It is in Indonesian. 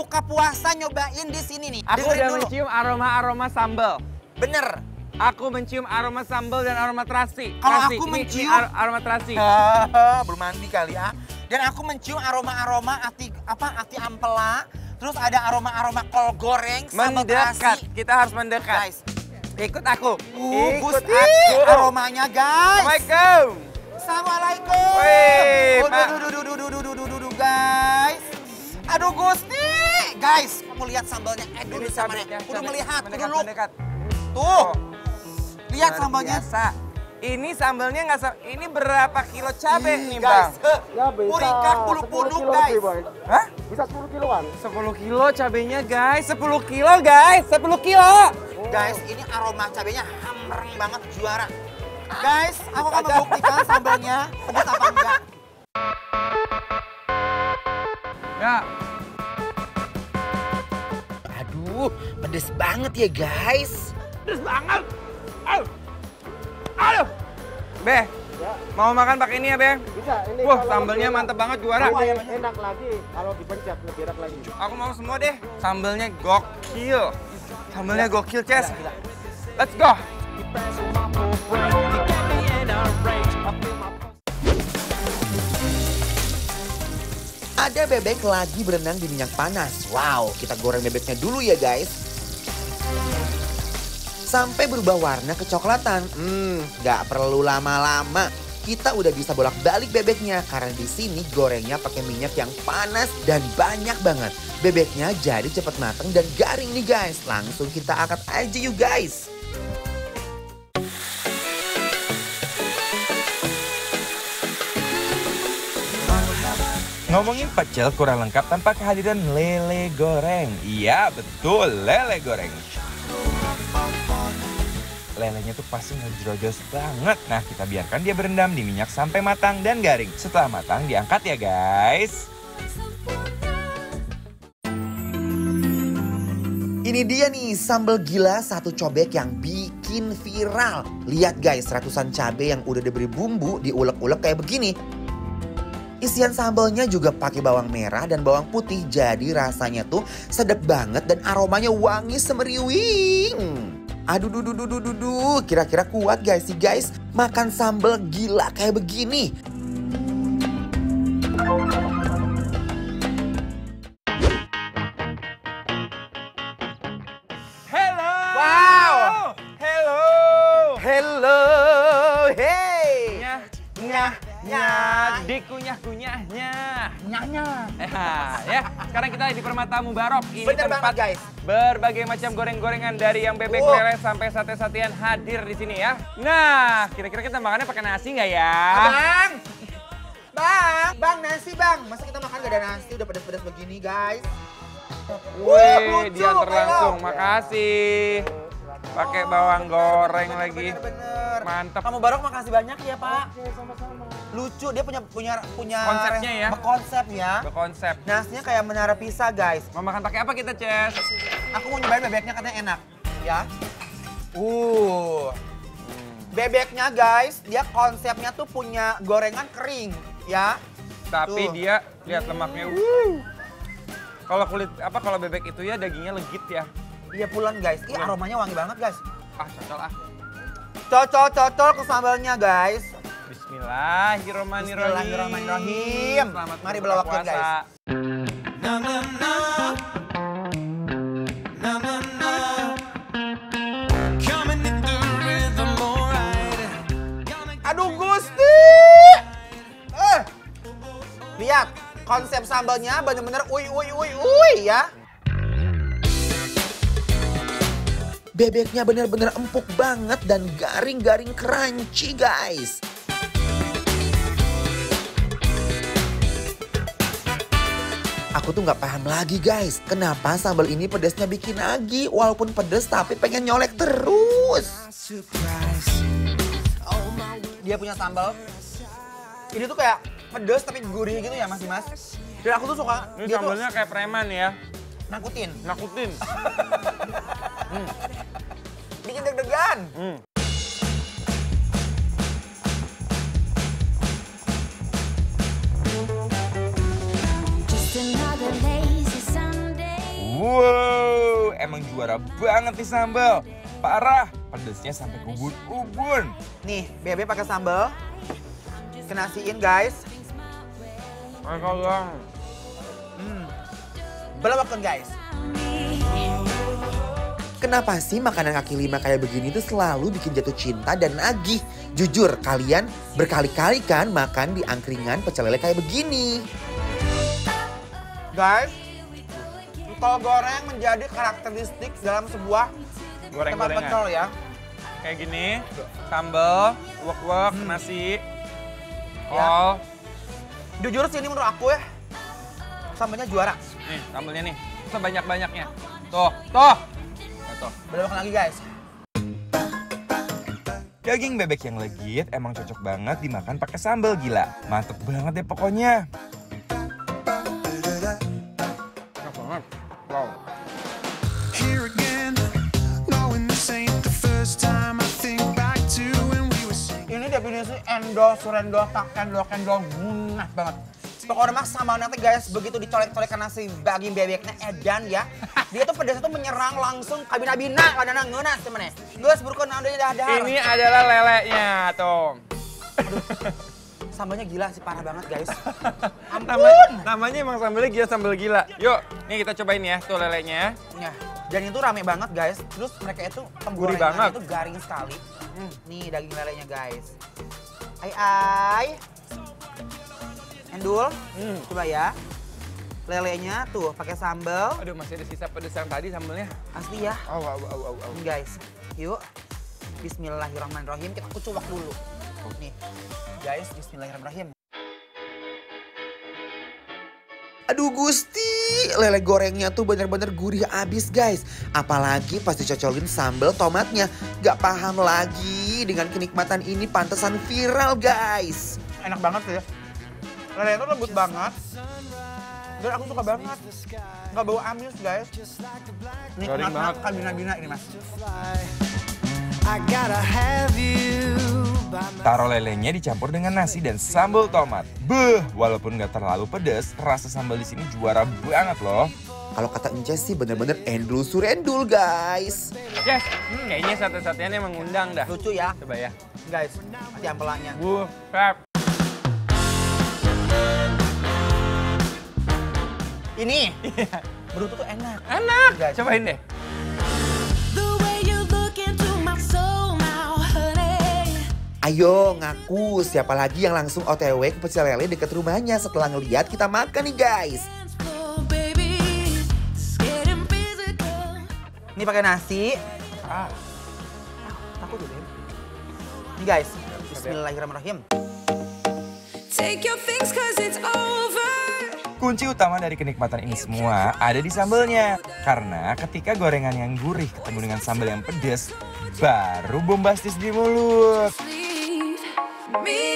buka puasa nyobain di sini nih. Aku Dengerin udah dulu. mencium aroma-aroma sambal. Bener. Aku mencium aroma sambal dan aroma terasi. Kalau aku ini, mencium ini ar aroma terasi. Belum mandi kali ya. Dan aku mencium aroma-aroma ati apa ati ampela, terus ada aroma-aroma kol goreng sama mendekat. terasi. Kita harus mendekat. Guys, ikut aku. Uh, ikut Gusti, aku. aromanya guys. Assalamualaikum. Assalamualaikum. Wih, Udah, guys. Aduh Gusti. Guys, kamu lihat sambalnya Eh, ini sama nih. Kudu melihat, kudu lu. Tuh. Oh. Lihat sambalnya. Biasa. Ini sambalnya nggak sam ini berapa kilo cabe nih, Bang? Eh, ya, bisa. Purikan bulu guys. Hah? Bisa 10 kiloan. 10 kilo cabenya, guys. 10 kilo, guys. 10 kilo. Oh. Guys, ini aroma cabenya hamreng banget juara. Guys, aku akan membuktikan sambalnya pedas apa enggak. Ya, Aduh, pedes banget ya guys. Pedes banget. Aduh. Aduh. Be, ya. mau makan pakai ini ya, Be? Bisa, ini. Wah, sambelnya mantep banget juara. Oh, yang enak lagi kalau dipencet lebih enak lagi. Aku mau semua deh. sambelnya gokil. sambelnya gokil, Ces. Let's go. Ada bebek lagi berenang di minyak panas. Wow, kita goreng bebeknya dulu ya guys. Sampai berubah warna kecoklatan. Hmm, nggak perlu lama-lama. Kita udah bisa bolak-balik bebeknya karena di sini gorengnya pakai minyak yang panas dan banyak banget. Bebeknya jadi cepat matang dan garing nih guys. Langsung kita angkat aja yuk guys. Ngomongin pecel kurang lengkap tanpa kehadiran lele goreng. Iya, betul, lele goreng. Lelenya tuh pasti ngejrojos banget. Nah, kita biarkan dia berendam di minyak sampai matang dan garing. Setelah matang, diangkat ya guys. Ini dia nih sambal gila satu cobek yang bikin viral. Lihat guys, ratusan cabai yang udah diberi bumbu diulek-ulek kayak begini. Isian sambalnya juga pakai bawang merah dan bawang putih jadi rasanya tuh sedap banget dan aromanya wangi semeriwing. Aduh, duh, duh, duh, duh, duh, kira-kira kuat guys sih guys. Makan sambal gila kayak begini. kunyah-kunyahnya. Nyahnya. Ya, ya. Sekarang kita di Permata Mubarok. Ini Bener tempat banget, guys. berbagai macam goreng-gorengan dari yang bebek oh. lele sampai sate-satean hadir di sini ya. Nah, kira-kira kita makannya pakai nasi nggak ya? Bang, Bang! Bang, nasi bang! Masa kita makan gak ada nasi? Udah pedas-pedas begini, guys. Wih, dia terlangsung. Makasih. Pakai bawang goreng bener, lagi. Bener, bener. Mantap. Kamu Barok makasih banyak ya, Pak. Oke, sama-sama lucu dia punya punya punya konsepnya ya konsepnya konsep ya. nasinya kayak menara pisa guys mau makan pakai apa kita Ces aku mau nyobain bebeknya katanya enak ya uh hmm. bebeknya guys dia konsepnya tuh punya gorengan kering ya tapi tuh. dia lihat lemaknya hmm. uh. kalau kulit apa kalau bebek itu ya dagingnya legit ya iya pulang guys ini aromanya wangi banget guys ah cocok ah cocok cocok ke sambalnya guys Bismillahirrahmanirrahim. Bismillahirrahmanirrahim. Selamat Mari berlawak guys. Na na na. Na na na. Lihat konsep sambalnya bener-bener uy uy uy uy ya. Bebeknya bener-bener empuk banget dan garing-garing crunchy guys. Aku tuh nggak paham lagi guys, kenapa sambal ini pedesnya bikin lagi walaupun pedes tapi pengen nyolek terus. Dia punya sambal, ini tuh kayak pedes tapi gurih gitu ya mas Dimas. Dan aku tuh suka. Ini sambalnya tuh... kayak preman ya. Nakutin. Nakutin. hmm. Bikin deg-degan. Hmm. juara banget nih sambal. Parah, pedesnya sampai kubun ubun Nih, Bebe pakai sambal. Kenasiin guys. Mereka bilang. Hmm. Belawakan guys. Kenapa sih makanan kaki lima kayak begini tuh selalu bikin jatuh cinta dan nagih? Jujur, kalian berkali-kali kan makan di angkringan pecel lele kayak begini. Guys, pentol goreng menjadi karakteristik dalam sebuah goreng tempat pentol ya. Kayak gini, sambal, wok-wok, hmm. nasi, ya. kol. Jujur sih ini menurut aku ya, sambalnya juara. Nih, sambalnya nih, sebanyak-banyaknya. Tuh, tuh. Ya, tuh. makan lagi guys. Daging bebek yang legit emang cocok banget dimakan pakai sambal gila. Mantep banget deh pokoknya. kendol, surendol, tak doakan dong, munah banget. Pokoknya mah sama nanti guys, begitu dicolek-colek karena si bagian bebeknya edan ya. Dia tuh pedasnya tuh menyerang langsung kabinabina bina kadang-kadang ngena temennya. buruk seburukun nanti dah dahar. Ini adalah leleknya, Tom. sambalnya gila sih, parah banget guys. Ampun! Namanya, emang sambalnya gila sambal gila. Yuk, ini kita cobain ya tuh leleknya. Ya. ya. Dan itu rame banget guys, terus mereka itu penggorengannya itu garing sekali. Hmm, nih daging leleknya guys. Ai ai. Endul, hmm. coba ya. Lelenya tuh pakai sambal. Aduh masih ada sisa pedes yang tadi sambelnya. Asli ya. Wow, wow, wow, wow. au. Guys, yuk. Bismillahirrahmanirrahim kita kucuak dulu. Nih, guys, Bismillahirrahmanirrahim. Aduh gusti, lele gorengnya tuh bener-bener gurih abis guys. Apalagi pas dicocolin sambal tomatnya. Gak paham lagi dengan kenikmatan ini pantesan viral guys. Enak banget ya. Lele itu lembut banget. Dan aku suka banget. Gak bau amis guys. Nikmat banget, bina-bina ini mas. I gotta have you. Taruh lelenya dicampur dengan nasi dan sambal tomat. Beuh, walaupun nggak terlalu pedes, rasa sambal di sini juara banget loh. Kalau kata Ence sih bener-bener endul surendul guys. Yes, hmm. kayaknya satu-satunya yang mengundang dah. Lucu ya. Coba ya. Guys, hati ampelannya. Buh, Pep. Ini, iya. tuh enak. Enak, guys. cobain deh. Ayo ngaku siapa lagi yang langsung otw ke pecel lele deket rumahnya setelah ngeliat kita makan nih guys. Ini pakai nasi. Ah. Takut deh. Nih guys, Bismillahirrahmanirrahim. Take your things cause it's over. Kunci utama dari kenikmatan ini semua ada di sambelnya. Karena ketika gorengan yang gurih ketemu dengan sambal yang pedes, baru bombastis di mulut. me